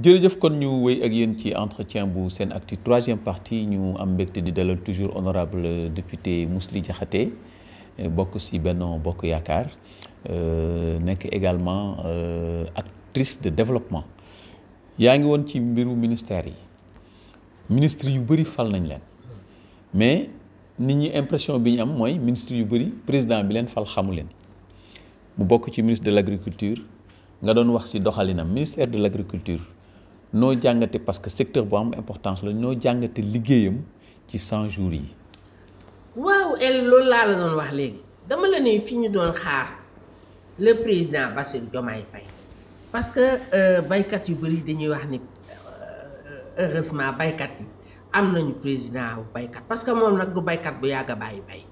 jërëjëf kon ñu wéy ak yéen ci entretien bu seen actu troisième partie ñu am mbégte di dalal toujours honorable député Mously Diakhaté euh, bokk si Benno Bokk Yaakaar euh, nekk également euh, actrice de développement yaa ngi woon ci mbiru ministère yi ministre yu bëri fal nañ leen mais nit ñi impression bi ñu am mooy ministre yu bëri président bi leen fal xamu leen mu bokk ci ministre de l' agriculture nga doon wax si doxalinam ministère de l' agriculture noo jàngate parce que secteur bu am importance la noo jàngate liggéeyam ci 100 jours yi. waaw El loolu laa la doon wax léegi dama la ne fi ñu doon xaar le président Bassirou Diomaye Faye parce que euh, baykat yu bëri dañuy wax ni euh, heureusement baykat yi am nañu président bu baykat parce que moom nag du baykat bu yàgg a bàyyi bay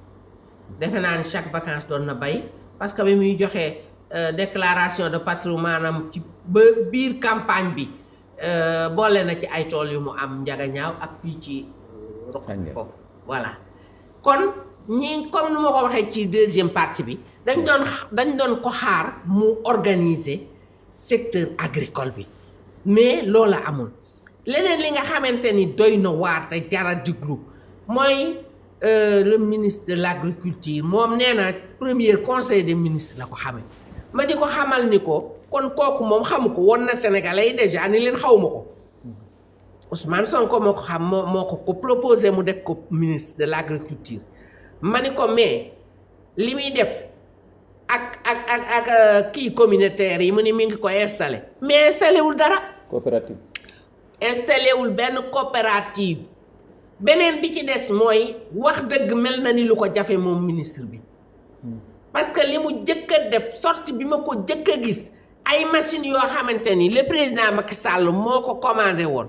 defe naa ni chaque vacance doon na bay parce que bi muy joxee euh, déclaration de patrimoine am ci ba biir campagne bi. Euh, boole na ci ay tool yu mu am njagañaaw ak fii ci euh, roqam foofu voilà kon ñi comme nu ma ko waxee ci deuxième partie bi dañ doon dañ doon ko xaar mu organiser secteur agricole bi mais loola amul leneen li nga xamante ni doy na waar te jara diglu mooy euh, le ministre de l'agriculture moom nee na premier conseil des ministres la ko xamee ma di ko xamal ni ko kon kooku moom xamu ko woon na sénégalais yi déjà ni leen xawma ko Ousmane Sonko moo ko xam moo ko ko proposé mu def ko ministre de l'agriculture ma ni ko mais li muy def ak ak ak ak euh, kii communautaire yi mu ni mi ngi ko installé mais installé wul dara coopérative installé wul benn coopérative beneen bi ci des mooy wax dëgg mel na ni lu ko jafe moom ministre bi hmm. parce que li mu jëkk a def sorti bi ma ko jëkk a gis ay machine yoo xamante ni le président Macky Sall moo ko commandé woon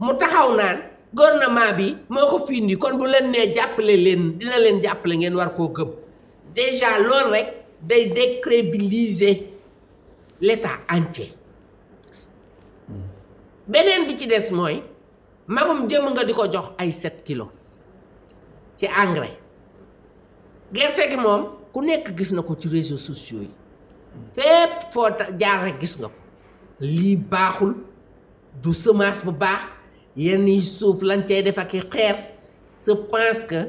mu taxaw naan gouvernement bi moo ko fi kon bu leen nee jàppale leen dina leen jàppale ngeen war koo gëm déjà lool rek day décrédibiliser l'état entier beneen bi ci des mooy magum jëm nga di ko jox ay 7 kilos ci engrais gerte gi moom ku nekk gis na ko ci réseaux sociaux yi. fépp foo jaar rek gis nga ko lii baaxul du semence bu baax yenn yi suuf lañ cay def ak i xeer je que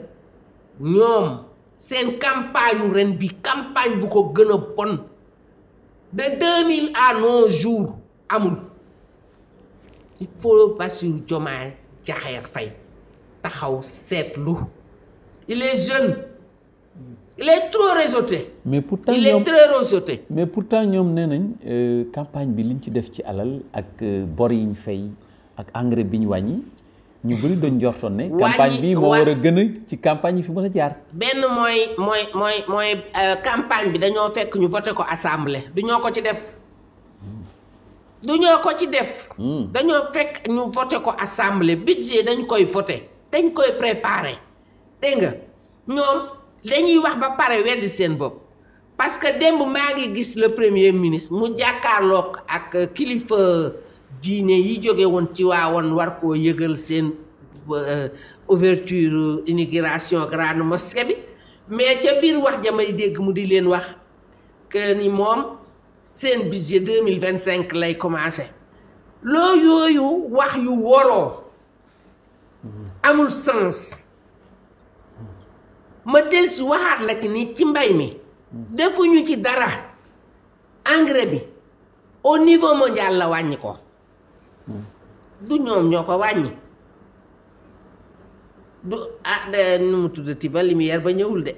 ñoom seen campagne ren bi campagne bu ko gën a bon de deux mille à jours amul il faut Bassirou Diomaye Diakhar taxaw seetlu il est jeune il est trop réseauté. mais pourtant il est très réseauté. mais pourtant ñoom nee nañ euh, campagne bi liñ ci def ci alal ak euh, bor yi ñu fay ak engrais bi ñu wàññi ñu dañ doon jortoon ne. campagne bi moo war a gën a ci campagne yi fi mën a jaar. benn mooy mooy mooy mooy euh, campagne bi dañoo fekk ñu voté ko assemblée du ñoo ko ci def. du ñoo ko ci def. Hmm. dañoo fekk ñu voté ko assemblée budget dañ koy voté dañ koy préparé dégg ñoom. dañuy wax ba pare weddi seen bopp parce que démb maa ngi gis le premier ministre mu jàkkaarloog ak kilifa diine yi jóge woon ci waawoon war koo yëgal seen euh, ouverture inauguration grande mosquée bi mais ca biir wax ja may dégg mu di leen wax que ni moom seen budget deux mille vingt cinq lay commencé loo yooyu wax yu woroo amul sens ma del si waxaat la ci ni ci mbay mi defuñu ci dara engrais bi au niveau mondial la wàññi ko du ñoom ñoo ko wàññi du ah nu mu tuddati ba lumière ba ñëwul de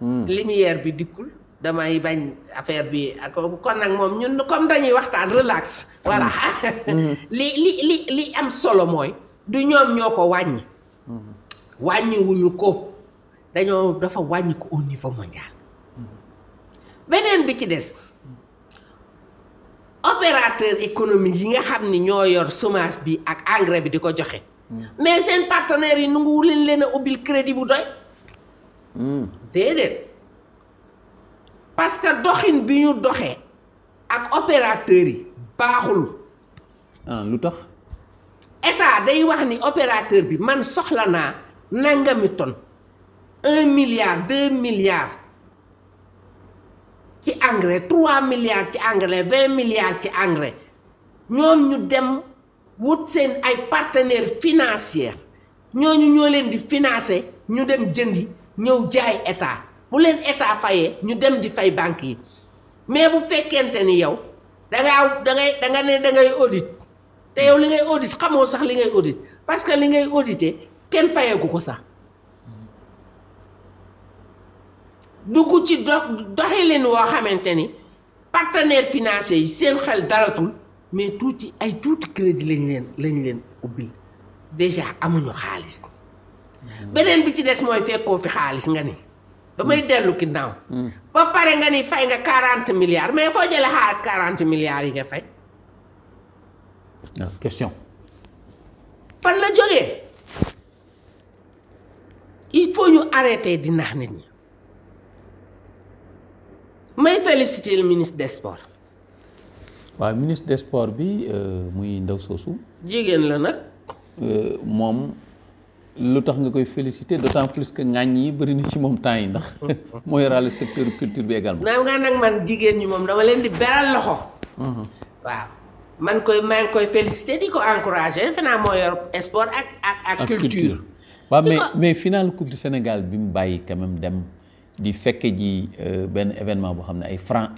hmm. lumière bi dikkul damay bañ affaire bi kon nag moom ñun comme dañuy waxtaan relax voilà hmm. Hmm. li li li li am solo mooy du ñoom ñoo ko wàññi wàññiwuñu ko dañoo dafa wàññiku ko au mm-hmm. beneen bi ci des opérateur économique yi nga xam ni ñoo yor semence bi ak engrais bi di ko joxe mm-hmm. mais seen partenaires yi nanguwu leen leen a ubbil crédit bu doy mm-hmm. déedéet parce que doxin bi ñu doxe ak opérateurs yi baaxul ah lu tax état day wax ni opérateur bi man soxla naa nangami ton un milliard deux milliards ci engrais trois milliards ci engrais vingt milliards ci engrais ñoom ñu dem wut seen ay partenaires financier ñooñu ñoo leen di financer ñu dem jëndi ñëw jaay état bu leen état fayee ñu dem di fay banque yi mais bu fekkente ni yow da ngaa da dangay da nga ne da ngay audit te yow li ngay audit xamoo sax li ngay audit parce que li ngay audité kenn fayeeku ko sax dugg ci dox doxalin woo xamante ni partenaire financier yi seen xel dalatul mais tuuti ay tuuti crédit lañ leen lañ leen ubbil déjà amuñu xaalis mm-hmm. beneen bi ci des mooy fekkoo fi xaalis nga ni ba may mm. dellu ginnaaw mm. ba pare nga ni fay nga quarante milliards mais foo jële xaar quarante milliards yi nga fay ah, question fan la jógee il faut ñu arrêter di nax nit ñi may féliciter le ministre des sports. waaw ministre des sports bi euh, muy ndaw soosu. jigéen la nag. Euh, moom lu tax nga koy féliciter d'autant plus que ŋàññ yi bëri na ci moom temps yi ndax moo yoraale secteur culture bi également. naa nga man jigéen ñi moom dama leen di beral loxo. Mhm. waaw man koy maa koy féliciter di ko encourager defe naa moo yor sport ak ak ak. culture waaw mais mais finale coupe du Sénégal bi mu bàyyi quand même dem. di fekke ji euh, benn événement boo xam ne ay France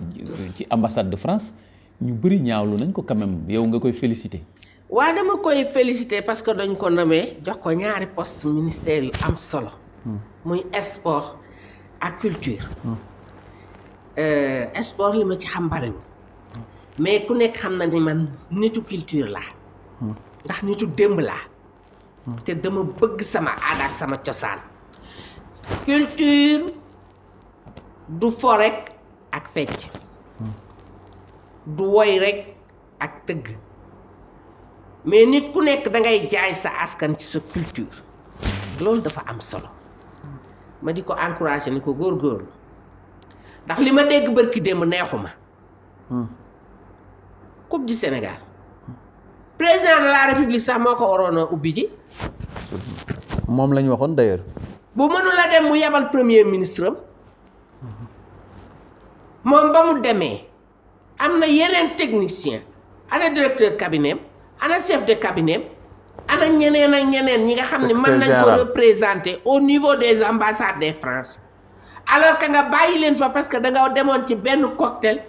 ci ambassade de France ñu bëri ñaawlu nañ ko quand même yow nga koy félicité. waa dama koy félicité parce que dañ ko namee jox ko ñaari post ministère yu am solo. Hmm. muy sport ak culture. Hmm. Euh, sport li ma ci xam bari hmm. mais ku nekk xam na ni man nitu culture laa. ndax nitu démb laa. te dama bëgg sama aada sama cosaan. culture. du fo rek ak fecc du woy rek ak tëgg mais nit ku nekk dangay jaay sa askan ci sa culture loolu dafa am solo ma di ko encouragé ni ko góor góorgóorlu ndax li ma dégg bërki démb ma coupe du Sénégal président de la république sax moo ko waroon a ubbi ji moom la ñu waxoon d'ailleurs bu mënula dem mu yebal premier ministre am moom ba mu demee am na yeneen technicien ana directeur cabinet ana chef de cabinet ana ñeneen ak ñeneen ñi nga xam ne mën nañ ko représenter au niveau des ambassades de France alors ka nga bàyyi leen fa parce que da demoon ci benn cocktail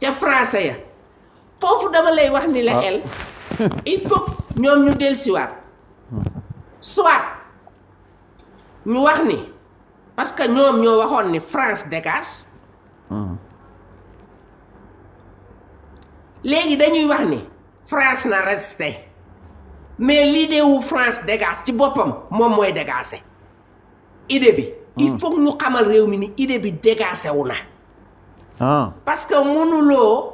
ca français ya foofu dama lay wax ni la ah. el il faut ñoom ñu dellusiwaat soit ñu wax ni parce que ñoom ñoo waxoon ni France dégage hmm. léegi dañuy wax ni France na resté mais l'idée wu France dégage ci boppam moom mooy dégagé idée bi hmm. il faut ñu xamal réew mi ni idée bi dégagé wu na ah. parce que mënuloo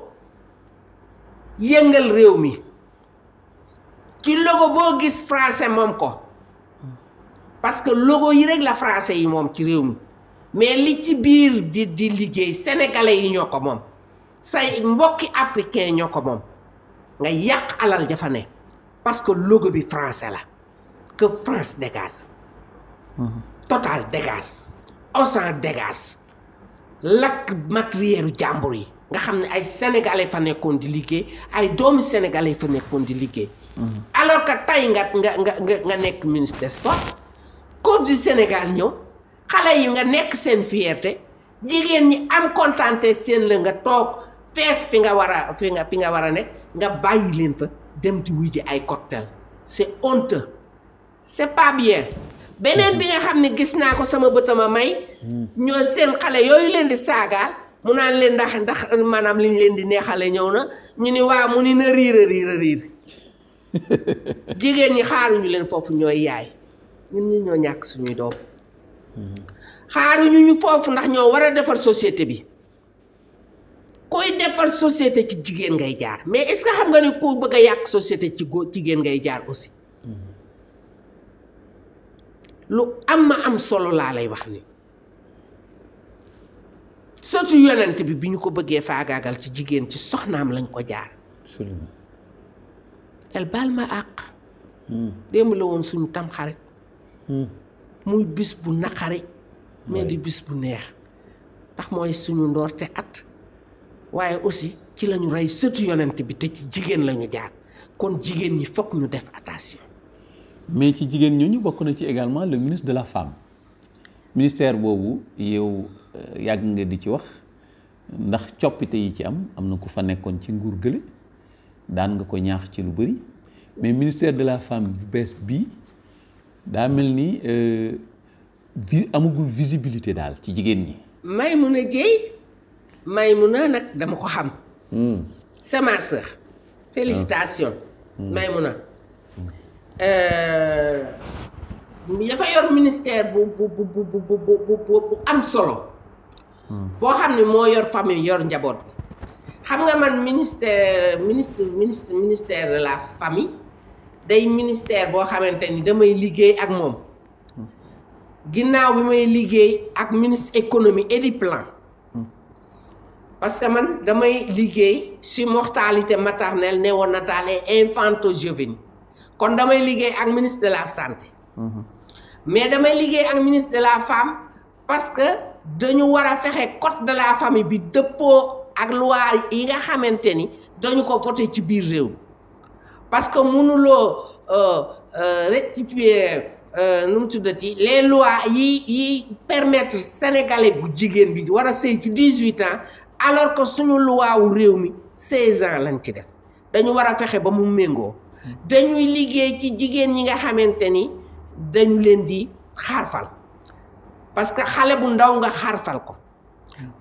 yëngal réew mi ci logo boo gis français moom ko parce que logo yi rek la français yi moom ci réew mi mais li ci biir di di liggéey sénégalais yi ñoo ko moom say mbokki africain ñoo ko moom nga yàq alal jafa ne parce que logo bi français la que France dégage Total dégage Auchan dégage lakk matérielu jàmbur yi nga xam ne ay sénégalais fa nekkoon di liggéey ay doomu sénégalais fa nekkoon di liggéey alors que tey nga nga nga nekk ministre des sports du Sénégal ñëw xale yi nga nekk seen fierté jigéen ñi am kontante seen la nga toog fees fi nga war a fi nga nga war a nekk nga bàyyi leen fa dem di wuy ay cocktail c'est honteux c'est pas bien beneen bi nga xam ne gis naa ko sama bëtama may mm. ñoo seen xale yooyu leen di saagaal mu naa leen ndax ndax maanaam liñ leen di neexale ñëw na ñu ni waa mu ni na riir a riir a riir jigéen ñi xaaruñu leen foofu ñooy yaay ñu ñi ñoo ñàkk suñuy doom mm-hmm. xaaruñu ñu foofu ndax ñoo war a defar société bi koy defar société ci jigéen ngay jaar mais est-ce xam nga ne ku bëgg yàq société ci góor jigéen ngay jaar aussi lu am ma am solo laa lay wax ni surtout yonent bi bi ñu ko bëggee faagaagal ci jigéen ci soxnaam lañ ko jaar el ma àq hmm. démb la woon suñu tam xarit hmm. muy bis bu naqari mais di bis bu neex ndax mooy suñu ndoorte at waaye aussi ci lañu rey sëtu yonent bi te ci jigéen lañu jaar kon jigéen ñi fokk ñu def attention mais ci jigéen ñooñu bokk na ci également le ministre de la femme ministère boobu yow euh, yàgg nga di ci wax ndax coppite yi ci am am na ku fa nekkoon ci nguur gële daan nga ko ñaax ci lu bëri mais ministère de la femme bu bees bii daa mel ni euh, vi amagul visibilité daal ci jigéen ñi. may Jéy Maymuna nag dama ko xam. Hmm. c'est ma sœur. félicitations. Hmm. Hmm. Maymuna. dafa euh, yor ministère bu bu bu bu bu bu bu am solo. boo xam ne moo yor famille yor njaboot xam nga man ministère ministre ministre ministère la famille day ministère boo xamante ni damay liggéey ak moom. ginnaaw bi may liggéey ak ministre économie et du plan parce que man damay liggéey si mortalité maternelle néonatale et infanto-juvénile kon damay liggéey ak ministre de la santé mais damay liggéey ak ministre de la femme parce que dañu war a fexe code de la famille bi dëppoo ak loi yi nga xamante ni dañu ko voté ci biir réew parce que mënuloo euh, euh, rectifier Euh, nu mu tuddati les lois yi yi permettre sénégalais bu jigéen bi war a sëy ci dix huit ans alors que suñu loi wu réew mi seize ans lañ ci def dañu war a fexe ba mu méngoo dañuy liggéey ci jigéen ñi nga xamante ni dañu leen di xarfal parce que xale bu ndaw nga xarfal ko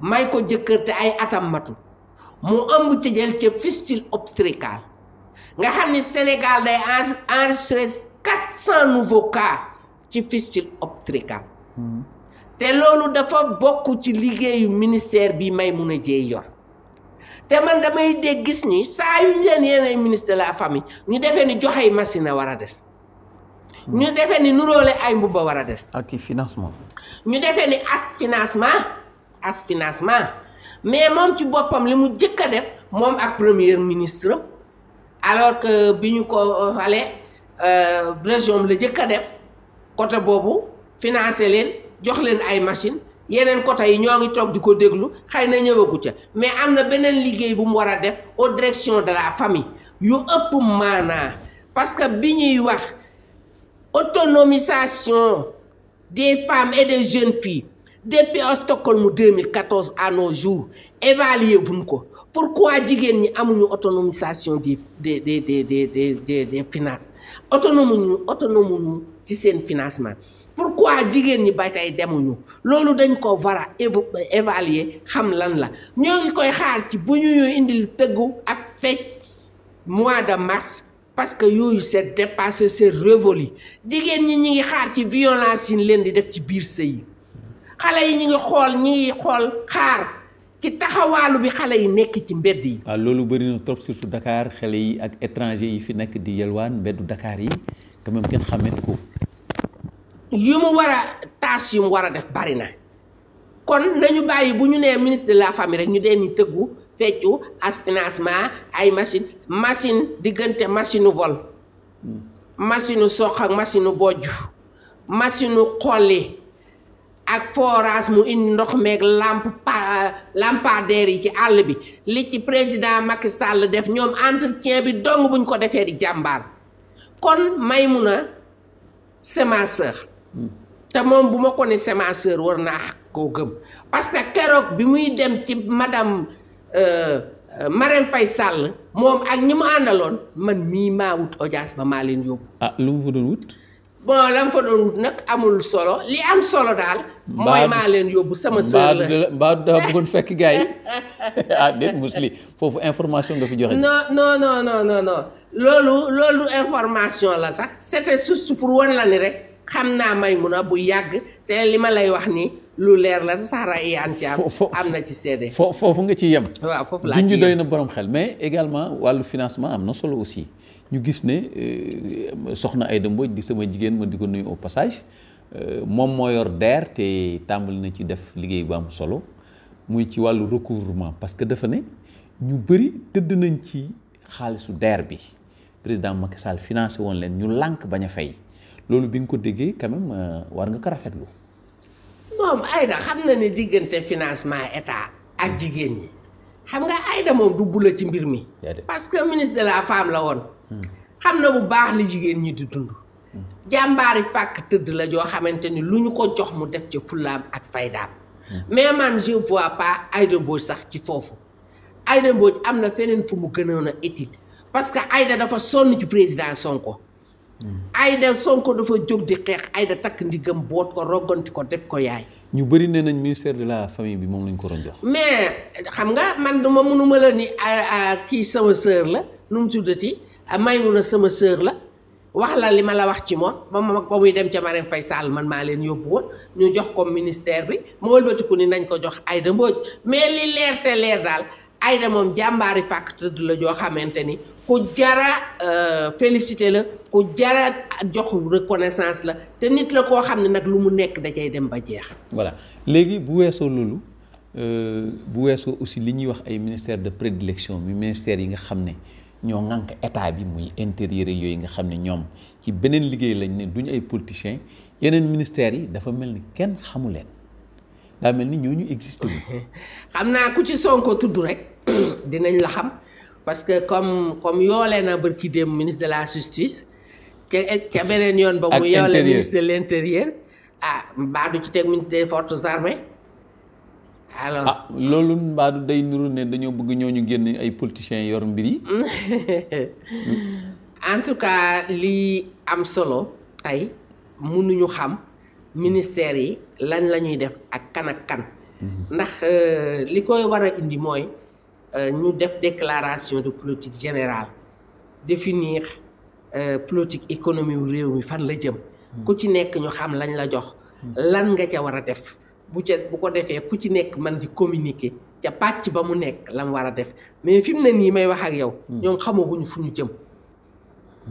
may ko jëkkër te ay atam matu mu ëmb ci jël ca fistule obstétricale nga xam ni Sénégal day enregistré quatre cent nouveaux cas ci fistule obstétricale te loolu dafa bokk ci liggéeyu ministère bi a Dièye yor te man damay dégg gis ni saa yu leen yeneen ministre de la famille ñu defee ni joxe machine a war a des ñu hmm. defee ni nuróole ay mbubba war a des ak ñu defee ni as financement as financement mais moom ci boppam li mu jëkk a def moom ak premier ministre alors que bi ñu ko euh, xale Euh, région la jëkk a dem côté boobu financé leen jox leen ay machine yeneen côté yi ñoo ngi toog di ko déglu xëy na ñëwagu ca mais am na beneen liggéey bu mu war a def aux direction de la famille yu ëpp maanaa parce que bi ñuy wax autonomisation des femmes et des jeunes fii depuis à Stockholm 2014 à nos jours évaluer wuñ ko pourquoi jigéen ñi amuñu autonomisation des des des des des des finances autonome ñu autonome ñu ci seen financement pour pourquoi jigéen ñi ba tey demuñu loolu dañ ko war a évaluer xam lan la ñoo ngi koy xaar ci bu ñu ñu indil tëggu ak fecc mois de mars parce que yooyu c'est dépassé c'est révolu jigéen ñi ñu ngi xaar ci violence yi leen di def ci biir sëy xale yi ñu ngi xool ñi xool xaar ci taxawaalu bi xale yi nekk ci mbedd yi. waaw loolu bëri na trop surtout Dakar xale yi ak étranger yi fi nekk di yelwaan mbeddu Dakar yi quand même kenn xàmmeetu ko. yu mu war a tâche mu war a def bari na kon nañu bàyyi bu ñu nee ministre de la famille rek ñu dee ni tëggu feccu as financement ay machine machine diggante machine u vol hmm. machine u soq ak machine u bojj machine u xolli ak forage mu indi ndox meeg lamp lampadaire yi ci àll bi li ci président Macky sàll def ñoom entretien bi dong buñ ko defee di jàmbaar kon may c'est ma sœur te moom bu ma ko ne c'est war naa koo gëm parce que keroog bi muy dem ci madame euh, euh, Marème fay sàll moom ak ñi mu àndaloon man mii maa wut audience ba maa leen yóbbu. ah lu mu fa doon wut. bon la mu fa doon wut nag amul solo li am solo daal. mooy maa leen yóbbu sama sœur la mbaa mbaa daa bëggoon fekk gars yi ah déet musli foofu information nga fi joxe. non non non non loolu loolu information la sax c'était juste pour wan la ni rek xam naa Maymuna bu yàgg te li ma lay wax nii. lu leer la saxara iyaan ci am am na ci seede foofu nga ci yem waaw foofu laa ci yem doy na borom xel mais également wàllu financement am na solo aussi ñu gis ne euh, soxna Aïda Mbodj di sama jigéen ma di ko nuyu au passage euh, moom moo yor DER te tàmbali na ci def liggéey bu am solo muy ci wàllu recouvrement parce que dafa ne ñu bëri tëdd nañ ci xaalisu DER bi président Macky Sall financé woon leen ñu lànk bañ a fay loolu bi nga ko déggee quand euh, war nga ko rafet lu moom Aïda xam na ne diggante financement état ak jigéen ñi xam nga Aïda moom du bula ci mbir mi. parce que ministre de la femme la woon. xam na bu baax li jigéen ñi di dund jàmbaari fàkk tëdd la joo xamante ni lu ñu ko jox mu def ca fullaam ak faydaam mais man je vois pas Aïda Mbodj sax ci foofu Aïda Mbodj am na feneen fu mu gënoon a utile parce que Aïda dafa sonn ci président Sonko ayda Sonko dafa jóg di xeex Aïda takk ndigam boot ko rogganti ko def ko yaay. ñu bëri nee nañ ministère de la famille bi moom lañ ko doon jox. mais xam nga man duma mënuma la ni ah, ah, kii sama sœur la nu mu tuddati Ah, Maymuna sama sœur la wax la li ma la wax ci moom ba moom ba muy dem ca Marème Faye Sall man maa leen yóbbu woon ñu jox ko ministère bi mu wëlbatiku ni nañ ko jox ay Mbodj mais li leer leer daal Aïda moom jàmbaari fàkk tëdd joo xamante ni ku jara euh, félicité la ku jara jox la te nit la koo xam ne nag lu mu nekk da cay dem ba jeex. voilà léegi bu weesoo loolu euh, bu weesoo aussi li ñuy wax ay ministère de prédilection mi ministère yi nga xam ne. ñoo ŋànk état bi muy intérieur yooyu nga xam ne ñoom ci beneen liggéey lañu ne duñu ay politiciens yeneen ministères yi dafa mel ni kenn xamu leen daa mel ni ñooñu existé wu. xam naa ku ci Sonko tudd rek dinañ la xam parce que comme comme yoolee na bërki dem ministre de la justice. ca ca beneen yoon ba mu yoolee ministre de l' ah mbaa du ci teg ministère des forces armées. alors ah loolu mbaadu day niru ne dañoo bëgg ñu génn ay politiciens yor mbir yi. en tout cas lii am solo tey mënuñu xam ministère yi lan la ñuy def ak kan ak kan. Mhm. ndax euh, li koy war a indi mooy euh, ñu def déclaration de politique générale définir euh, politique économie réew mi fan la jëm. Mhm. ku ci nekk ñu xam lañ la jox. Mhm. lan nga ca war a def. bu ca bu ko defee ku ci nekk man di communiquer ca pàcc ba mu nekk la mu war a def mais fi mu ne nii may wax ak yow. Hmm. ñoom xamaguñu fu ñu jëm.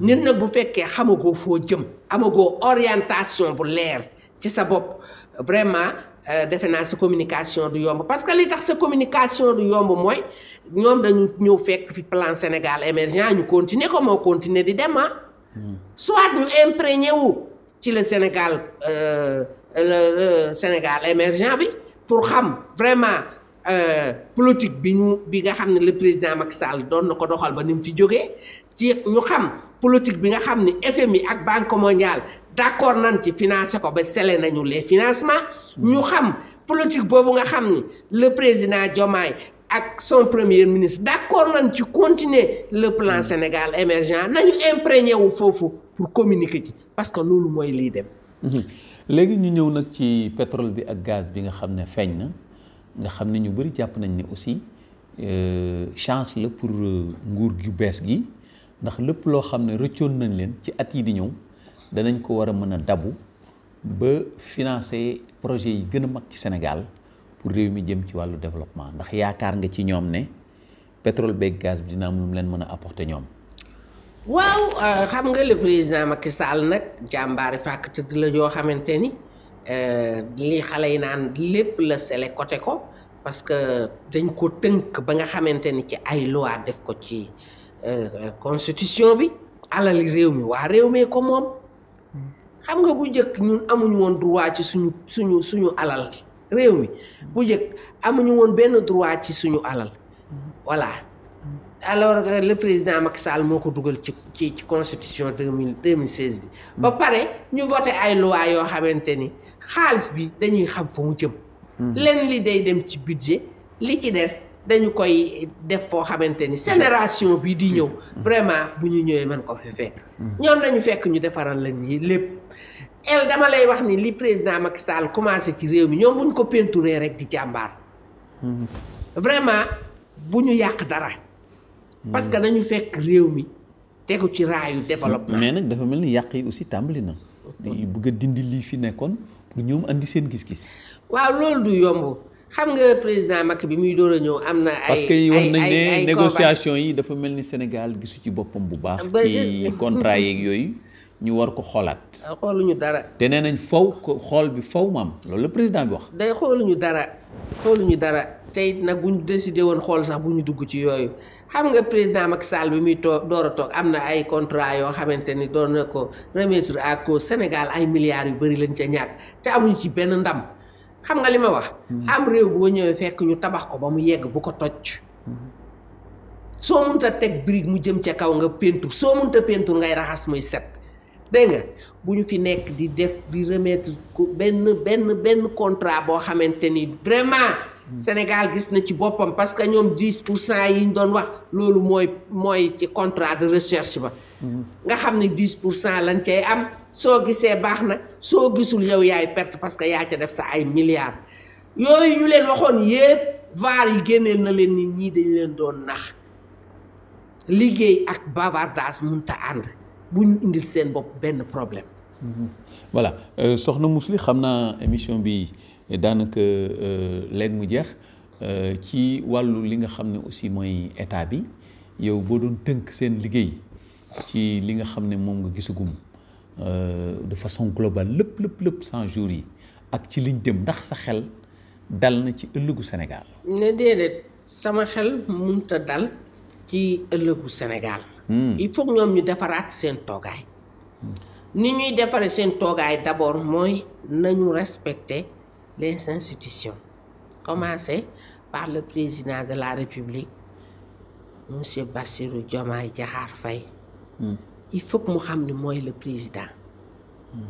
nit nag bu fekkee xamagoo foo jëm. amagoo orientation bu leer ci sa bopp vraiment euh, defe naa sa communication du yomb parce que li tax sa communication du yomb mooy ñoom dañu ñëw fekk fi plan Sénégal émergent ñu continuer ko moo continuer di dema ah. Hmm. soit ñu imprégné wu ci la Sénégal. Euh, le Sénégal émergent bi pour xam vraiment euh, politique bi ñu bi nga xam ne le président Macky Sall doon na ko doxal ba ni mu fi jógee ci ñu xam politique bi nga xam ni FMI ak Banque mondiale d'accord nañ ci financé ko ba sele nañu les financement ñu xam politique boobu nga xam ni le président Diomaye ak son premier ministre d'accord nañ ci continuer le plan Sénégal émergent nañu imprégné wu foofu pour communiquer ci parce que loolu mooy liy dem. Mmh. léegi ñu ñëw nag ci pétrole bi ak gaz bi nga xam ne feeñ na nga xam ne ñu bëri jàpp nañ ne aussi euh, chance la pour euh, nguur gu bees gi ndax lépp loo xam ne rëccoon nañ leen ci at yi di ñëw danañ ko war a mën a dabu ba financer projet yi gën a mag ci Sénégal pour réew mi jëm ci wàllu développement ndax yaakaar nga ci ñoom ne pétrole beeg gaz bi dina am leen mën a apporter ñoom. waaw euh, xam nga le président Macky Sall nag jàmbaari fàkk tëdd la joo xamante ni euh, li xale yi naan lépp la sele côté ko parce que dañ ko tënk ba nga xamante ni ci ay loi def ko ci euh, constitution bi yi réew mi waa réew mee ko moom xam nga bu njëkk ñun amuñu woon droit ci suñu suñu suñu alal réew mi bu njëkk amuñu woon benn droit ci suñu alal voilà alors que euh, le président Macky Sall moo ko dugal ci ci ci constitution deux mille deux mille seize bi. ba pare ñu voté ay loi yoo xamante ni xaalis bi dañuy xam fa mu jëm. Hmm. lenn li day dem ci budget li ci des dañu koy def foo xamante ni génération bi di ñëw. Hmm. vraiment bu ñu ñëwee man ko fi fekk. Hmm. ñoom dañu fekk ñu defaral la ñuy lépp. el dama lay wax ni li président Macky Sall commencé ci réew mi ñoom bu ñu ko peinturé rek di jàmbaar. vraiment bu ñu yàq dara. parce que dañu fekk réew mi tegu ci raayu développement. mais nag dafa mel ni yàq yi aussi tàmbali na. bëgg a dindi lii fi nekkoon pour ñoom indi seen gis-gis. waaw loolu du yomb xam nga président Macky bi muy door a ñëw am na. ay ay wax nañ ne yi dafa mel ni Sénégal gisu ci boppam bu baax. ci contrat yeeg yooyu. ñu war ko xoolaat. Ah, xooluñu dara. te nee nañ fow ko xool bi faw maam loolu la président bi wax. day xooluñu dara xooluñu dara. tey nag bu ñu décidé woon xool sax bu ñu dugg ci yooyu xam nga président Macky saal bi muy toog door am na ay contrat yoo xamante ni doon na ko remettre à cause Sénégal ay milliards yu bëri lañ ca ñàkk te amuñ ci benn ndam xam nga li ma wax. Hmm. am réew boo ñëwee fekk ñu tabax ko ba mu yegg bu ko toj. Hmm. soo mënta teg brique mu jëm ca kaw nga peinture soo mënta peinture ngay raxas muy set. dégg nga bu ñu fi nekk di def di ko benn benn benn contrat boo xamante ni vraiment. Sénégal gis na ci boppam parce que ñoom 10 pour sant yi ñu doon wax loolu mooy mooy ci contrat de recherche ba. nga xam ne 10 pour cent lañ cay am soo gisee baax na soo gisul yow yaay perte parce que yaa ca def sa ay milliards. yooyu ñu leen waxoon yépp vaar yi génneel na leen ni ñii dañ leen doon nax liggéey ak bavardage mënta ànd bu ñu indil seen bopp benn problème. voilà euh, soxna Mously xam naa émission bii daanaka euh, léegi mu jeex euh, ci wàllu li nga xam ne aussi mooy état bi yow boo doon tënk seen liggéey ci li nga xam ne moom nga gisagum euh, de façon globale lépp lépp lépp cent jours yi ak ci liñ dem ndax sa xel dal na ci ëllëgu Sénégal. ne déedéet sama xel mënut a dal ci ëllëgu Sénégal. Hmm. il faut ñoom ñu defaraat seen toogaay. Hmm. ni ñuy defaree seen toogaay d'abord mooy nañu respecte les institutions. Commencez par le président de la République, M. Bassirou Diomaye Diakhar Faye. Hmm. Il faut xam ni mooy le président. Hmm.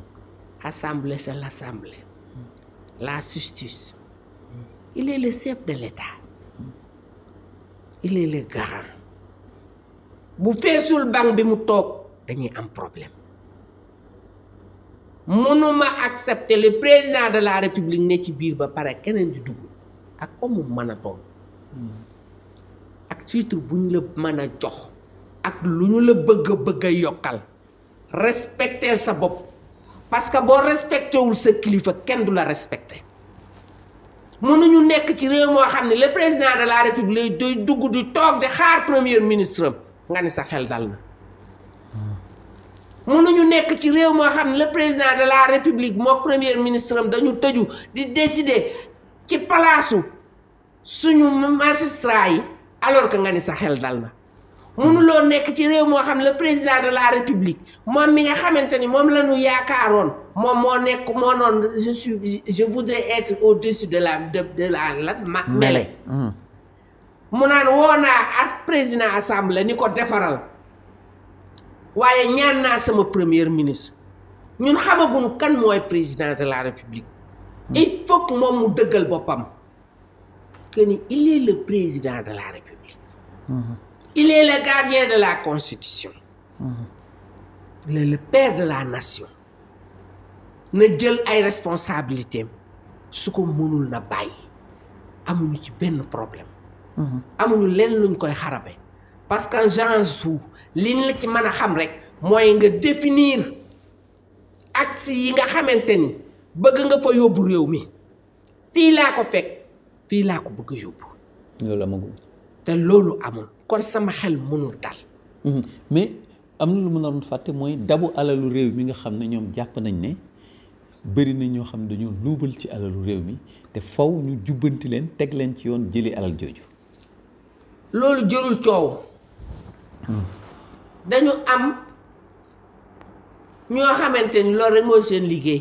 Assemblée, c'est l'Assemblée. Hmm. La justice. Il est le chef de l'État. Il est le garant. Si vous faites bi mu toog dañuy am problème. mënuma accepter le président de la république ne ci biir ba pare keneen di dugg ak comme mën a tool ak titre bu ñu la mën a jox ak lu ñu la bëgg bëgg a yokkal respecter sa bopp parce que boo respecté wul sa kilifa kenn du la respecté mënuñu nekk ci réew moo xam ne le président de la république day dugg di toog di xaar premier ministre am nga ni sa xel dal na mënuñu nekk ci réew moo xam ne le président de la république moo premier ministre am dañu tëju di décider ci palaasu suñu magistrat yi alors que nga ni sa xel dal na mënuloo nekk ci réew moo xam ne le président de la république moom mi nga xamante ni moom lañu ñu yaakaaroon moom moo nekk moo noon je suis je voudrais être au-dessus de la de de la lan ma mêlée mmh. mu naan woo naa as président assemblée ni ko defaral waaye ñaan naa sama premier ministre ñun xamaguñu kan mooy président de la république hmm. il faut que moom mu dëggal boppam que ni il le président de la république hmm. il est le gardien de la constitution hmm. il est le de la nation na jël ay responsabilités su ko mënul na bàyyi amuñu ci benn problème amuñu lenn luñ koy xarabe parce que Jean Zou liñ la ci mën a xam rek mooy nga définir aksi yi nga xamante ni bëgg nga fa yóbbu réew mi fii laa ko fekk fii laa ko bëgg a yóbbu. loolu amagul. te loolu amul kon sama xel mënul dal. Mhm. mais am na lu mu naroon fàtte mooy dabu alalu réew mi nga xam ne ñoom jàpp nañ ne bëri nañ ñoo xam ne dañoo luubal ci alalu réew mi te faw ñu jubbanti leen teg leen ci yoon jëlee alal jooju. loolu jërul coow. dañu am ñoo xamante ni loolu mooy seen liggéey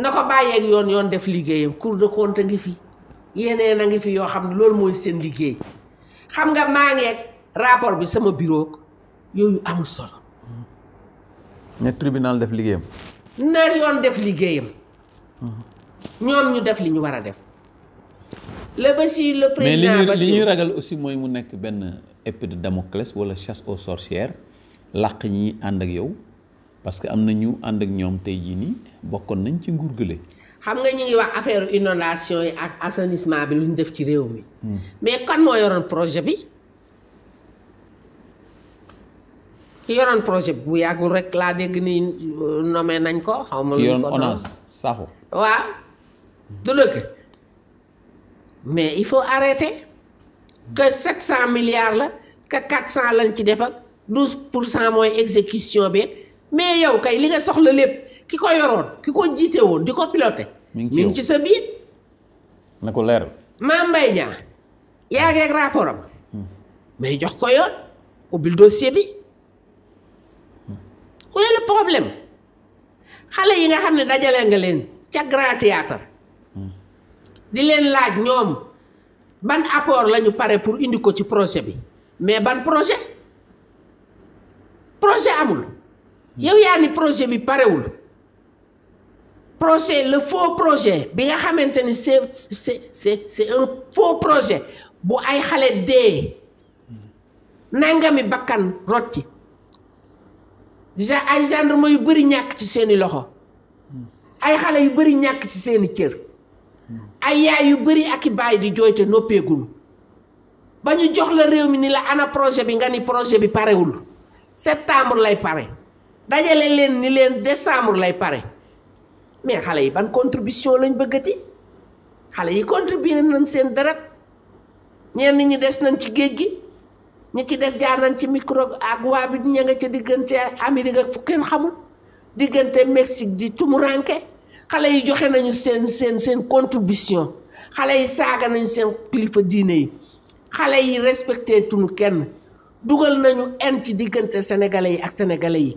na ko bàyyeeg yoon yoon def liggéeyam cour de compte ngi fi yeneen a ngi fi yoo xam ne loolu mooy seen liggéey xam nga maa ngeeg rapport bi sama biroog yooyu amul solo. ne tribunal def liggéeyam. na yoon def liggéeyam. Mm-hmm. ñoom ñu def li ñu war a def. le Bachir le président Bachir mais li ñuy ragal aussi mooy mu nekk benn épée de Damoclès wala chasse aux sorcières làq ñi ànd ak yow parce que am na ñu ànd ak ñoom tey jii nii bokkoon nañ ci nguur gële xam nga ñu ngi wax affaire inondation yi ak assainissement bi lu ñu def ci réew mi. Hmm. mais kan moo yoroon projet bi. ki yoroon projet bi bu yàggul rek laa dégg ni euh, nommé nañ ko. xaw ma lu ko nommé ki yoroon du dëkk. mais il faut arrêter que 700 milliards la que 400 lañ ci def ak 12 pour cent mooy exécution bi mais yow kay li nga soxla lépp ki ko yoroon ki ko jiite woon di ko piloté. mi ngi ci sa biir. na ko leer. Mame mbay Niang yaa ngi ak rapport hmm. mais jox ko yoon ubbil dossier bi où est le xale yi nga xam ne dajale nga leen ca grand théâtre di leen laaj ñoom ban apport lañu pare pour indi ko ci projet bi mais ban projet projet amul yow yaa ni projet bi parewul projet le faux projet bi nga xamante ni c'est c'est c'est un faux projet bu ay xale dee nangami bakkan rot ci ay gendarme yu bëri ñàkk ci seeni loxo ay xale yu bëri ñàkk ci seeni cër ay yaay yu bëri ak i baay di jooyte noppeegul ba ñu jox la réew mi ni la ana projet bi nga ni projet bi parewul septembre lay pare dajale leen ni leen décembre lay pare mais xale yi ban contribution lañ bëggati xale yi contribué nañ seen dara ñenn ñi des nañ ci géej gi ñi ci des jaar nañ ci micro ak waa bi ña nga ca diggante Amérique ak fu xamul diggante Mexique di tumuraanke xale yi joxe nañu seen seen seen contribution xale yi saaga nañu seen kilifa diine yi xale yi respecté tunu kenn dugal nañu en ci diggante sénégalais yi ak sénégalais yi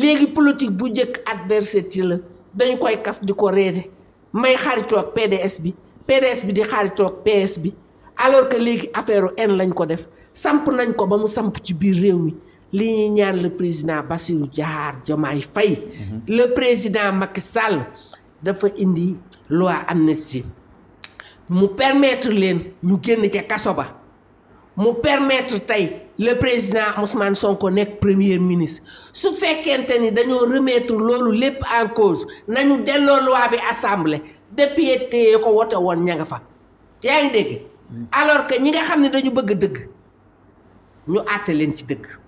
léegi politique bu njëkk adversité la dañu koy kas di ko réete may xaritoog PDS bi PDS bi di xaritoog PS bi alors que léegi affaire en lañ ko def samp nañ ko ba mu samp ci biir réew mi li ñuy ñaan le président Bassirou Diakhar Diomaye fay mhm. le président Macky Sall dafa indi loi amnistie mu permettre leen ñu génn ca kaso ba mu permettre tey le président Ousmane Sonko nekk premier ministre su fekkente ni dañoo remetre loolu lépp en cause nañu delloo loi bi assemblée depuis téye ko wote woon ña nga fa yaa ngi dégg mm. alors que ñi nga xam ne dañu bëgg dëgg ñu àtte leen ci dëgg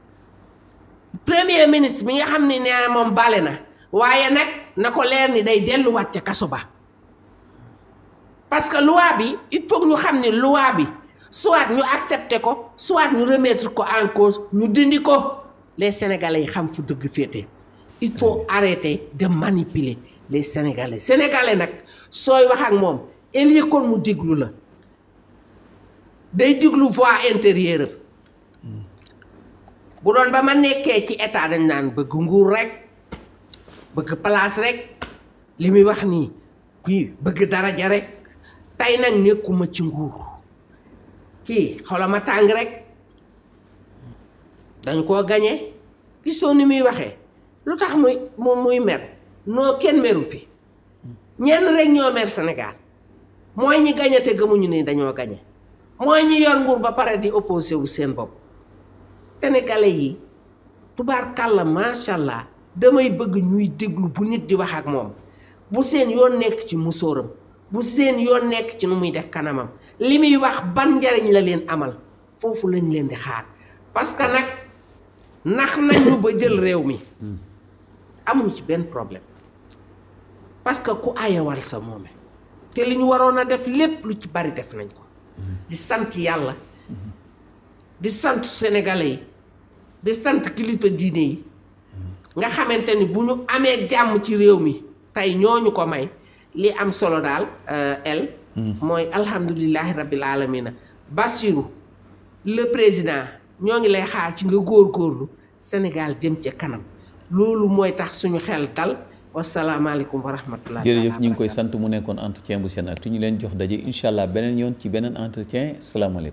premier ministre bi nga xam ne nee na moom bale na waaye nag na ko leer ni day delluwaat ca kaso ba parce que loi bi il faut ñu xam ne loi bi soit ñu accepter ko soit ñu remetre ko en cause ñu dindi ko les sénégalais yi xam fu dëgg féete il faut arrêter de manipuler les sénégalais sénégalais nag sooy wax ak moom élie mu déglu la day déglu voix intérieure bu doon ba ma nekkee ci état dañ naan bëgg nguur rek bëgg palaas rek li muy wax nii kii bëgg daraja rek tey nag nekkuma ci nguur kii xolama tàng rek dañ koo gañe gisoo ni muy waxee lu tax muy muy mer noo kenn meru fi ñenn rek ñoo mer Sénégal mooy ñi gañe te gëmuñu ni dañoo gañe mooy ñi yor nguur ba pare di opposé wu seen bopp sénégalais yi tubaarkàlla macha allah damay bëgg ñuy déglu bu nit di wax ak moom bu seen yoon nekk ci musóoram bu seen yoon nekk ci lu muy def kanamam li muy wax ban njariñ la leen amal foofu lañ leen di xaar parce que nag nax nañu ba jël réew mi amul ci benn problème parce que ku ayewal sa moome te li ñu waroon a def lépp lu ci bari def nañ ko di sant yàlla di sant sénégalais yi di sant kilifa diine yi nga xamante ni bu ñu amee jàmm ci réew mi tey ñu ko may li am solo daal el euh, mooy alhamdulilahi rabbil alamina Bassirou le président ñoo ngi lay xaar ci nga góor góorgóorlu Sénégal jëm ci kanam loolu mooy tax suñu xel dal wasalaamaaleykum wa rahmatulah. jërëjëf ñu ngi koy sant mu nekkoon entretien bu Sénat tu ñu leen jox daje incha allah beneen yoon ci beneen entretien salaamaaleykum.